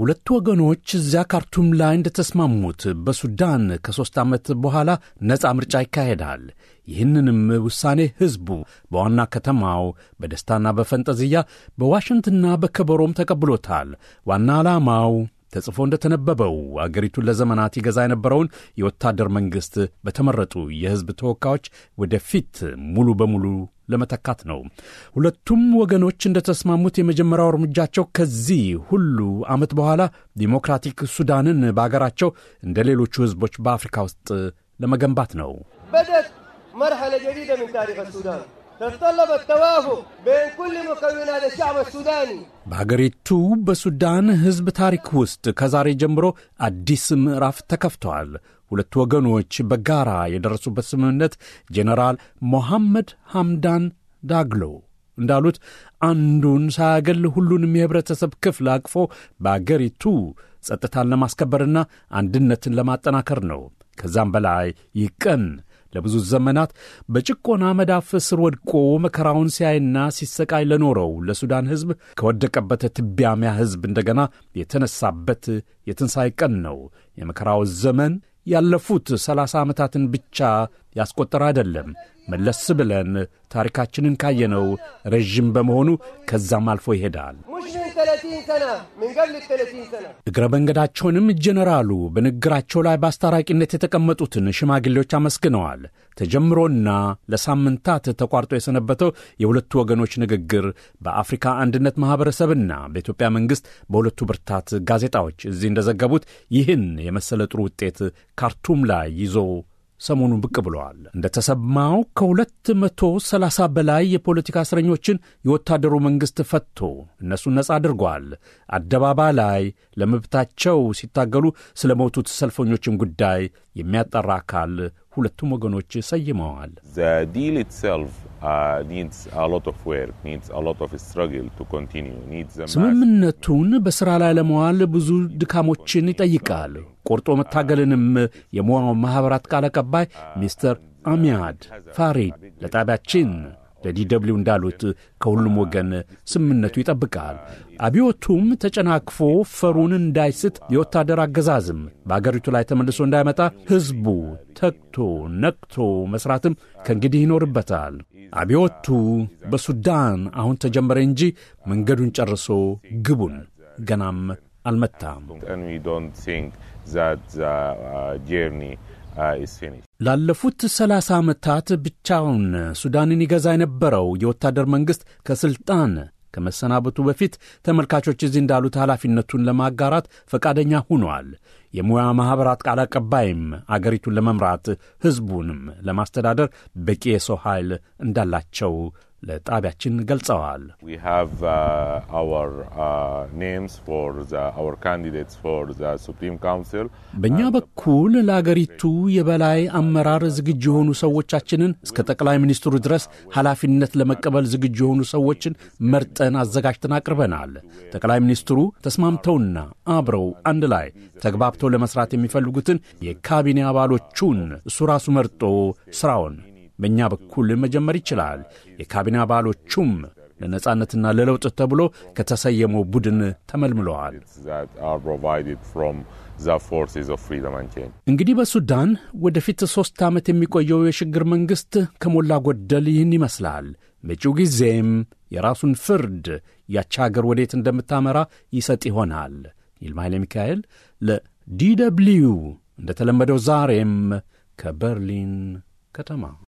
ሁለቱ ወገኖች እዚያ ካርቱም ላይ እንደተስማሙት በሱዳን ከሦስት ዓመት በኋላ ነፃ ምርጫ ይካሄዳል። ይህንንም ውሳኔ ሕዝቡ በዋና ከተማው በደስታና በፈንጠዝያ በዋሽንትና በከበሮም ተቀብሎታል። ዋና ዓላማው ተጽፎ እንደተነበበው አገሪቱን ለዘመናት ይገዛ የነበረውን የወታደር መንግሥት በተመረጡ የሕዝብ ተወካዮች ወደፊት ሙሉ በሙሉ ለመተካት ነው። ሁለቱም ወገኖች እንደተስማሙት የመጀመሪያው እርምጃቸው ከዚህ ሁሉ ዓመት በኋላ ዲሞክራቲክ ሱዳንን በአገራቸው እንደ ሌሎቹ ሕዝቦች በአፍሪካ ውስጥ ለመገንባት ነው። በደት መርሐለ ጀዲደ ምን ታሪክ ሱዳን ተጠለበ التوافق بين كل مكونات الشعب السوداني በሀገሪቱ በሱዳን ህዝብ ታሪክ ውስጥ ከዛሬ ጀምሮ አዲስ ምዕራፍ ተከፍተዋል። ሁለቱ ወገኖች በጋራ የደረሱበት ስምምነት ጄኔራል ሞሐመድ ሐምዳን ዳግሎ እንዳሉት አንዱን ሳያገል ሁሉንም የህብረተሰብ ክፍል አቅፎ በአገሪቱ ጸጥታን ለማስከበርና አንድነትን ለማጠናከር ነው። ከዛም በላይ ይቀን ለብዙ ዘመናት በጭቆና መዳፍ ስር ወድቆ መከራውን ሲያይና ሲሰቃይ ለኖረው ለሱዳን ሕዝብ ከወደቀበት ትቢያሚያ ሕዝብ እንደገና የተነሳበት የትንሣኤ ቀን ነው። የመከራው ዘመን ያለፉት ሰላሳ ዓመታትን ብቻ ያስቆጠረ አይደለም። መለስ ብለን ታሪካችንን ካየነው ረዥም በመሆኑ ከዛም አልፎ ይሄዳል። እግረ መንገዳቸውንም ጄኔራሉ በንግግራቸው ላይ በአስታራቂነት የተቀመጡትን ሽማግሌዎች አመስግነዋል። ተጀምሮና ለሳምንታት ተቋርጦ የሰነበተው የሁለቱ ወገኖች ንግግር በአፍሪካ አንድነት ማኅበረሰብና በኢትዮጵያ መንግሥት በሁለቱ ብርታት ጋዜጣዎች እዚህ እንደዘገቡት ይህን የመሰለ ጥሩ ውጤት ካርቱም ላይ ይዞ ሰሞኑን ብቅ ብለዋል። እንደተሰማው ከሁለት መቶ ሰላሳ በላይ የፖለቲካ እስረኞችን የወታደሩ መንግሥት ፈቶ እነሱን ነጻ አድርጓል። አደባባይ ላይ ለመብታቸው ሲታገሉ ስለ ሞቱት ሰልፈኞችም ጉዳይ የሚያጠራ አካል ሁለቱም ወገኖች ሰይመዋል። uh, ስምምነቱን በሥራ ላይ ለመዋል ብዙ ድካሞችን ይጠይቃል። ቆርጦ መታገልንም የሙያው ማኅበራት ቃል አቀባይ ሚስተር አሚያድ ፋሪድ ለጣቢያችን ለዲደብሊው እንዳሉት ከሁሉም ወገን ስምነቱ ይጠብቃል። አብዮቱም ተጨናክፎ ፈሩን እንዳይስት የወታደር አገዛዝም በአገሪቱ ላይ ተመልሶ እንዳይመጣ ሕዝቡ ተግቶ ነቅቶ መሥራትም ከእንግዲህ ይኖርበታል። አብዮቱ በሱዳን አሁን ተጀመረ እንጂ መንገዱን ጨርሶ ግቡን ገናም አልመታም። uh, uh, ላለፉት 30 ዓመታት ብቻውን ሱዳንን ይገዛ የነበረው የወታደር መንግሥት ከሥልጣን ከመሰናበቱ በፊት ተመልካቾች እዚህ እንዳሉት ኃላፊነቱን ለማጋራት ፈቃደኛ ሆኗል። የሙያ ማኅበራት ቃል አቀባይም አገሪቱን ለመምራት ሕዝቡንም ለማስተዳደር በቂ የሰው ኃይል እንዳላቸው ለጣቢያችን ገልጸዋል። uh, uh, በእኛ uh, በኩል ለአገሪቱ የበላይ አመራር ዝግጁ የሆኑ ሰዎቻችንን እስከ ጠቅላይ ሚኒስትሩ ድረስ ኃላፊነት ለመቀበል ዝግጁ የሆኑ ሰዎችን መርጠን አዘጋጅተን አቅርበናል። ጠቅላይ ሚኒስትሩ ተስማምተውና አብረው አንድ ላይ ተግባብተው ለመስራት የሚፈልጉትን የካቢኔ አባሎቹን እሱ ራሱ መርጦ ስራውን። በእኛ በኩል መጀመር ይችላል። የካቢኔ አባሎቹም ለነጻነትና ለለውጥ ተብሎ ከተሰየመው ቡድን ተመልምለዋል። እንግዲህ በሱዳን ወደፊት ሦስት ዓመት የሚቆየው የሽግግር መንግሥት ከሞላ ጎደል ይህን ይመስላል። መጪው ጊዜም የራሱን ፍርድ ያች አገር ወዴት እንደምታመራ ይሰጥ ይሆናል። ይልማ ኃይለ ሚካኤል ለዲ ደብልዩ እንደተለመደው ዛሬም ከበርሊን ከተማ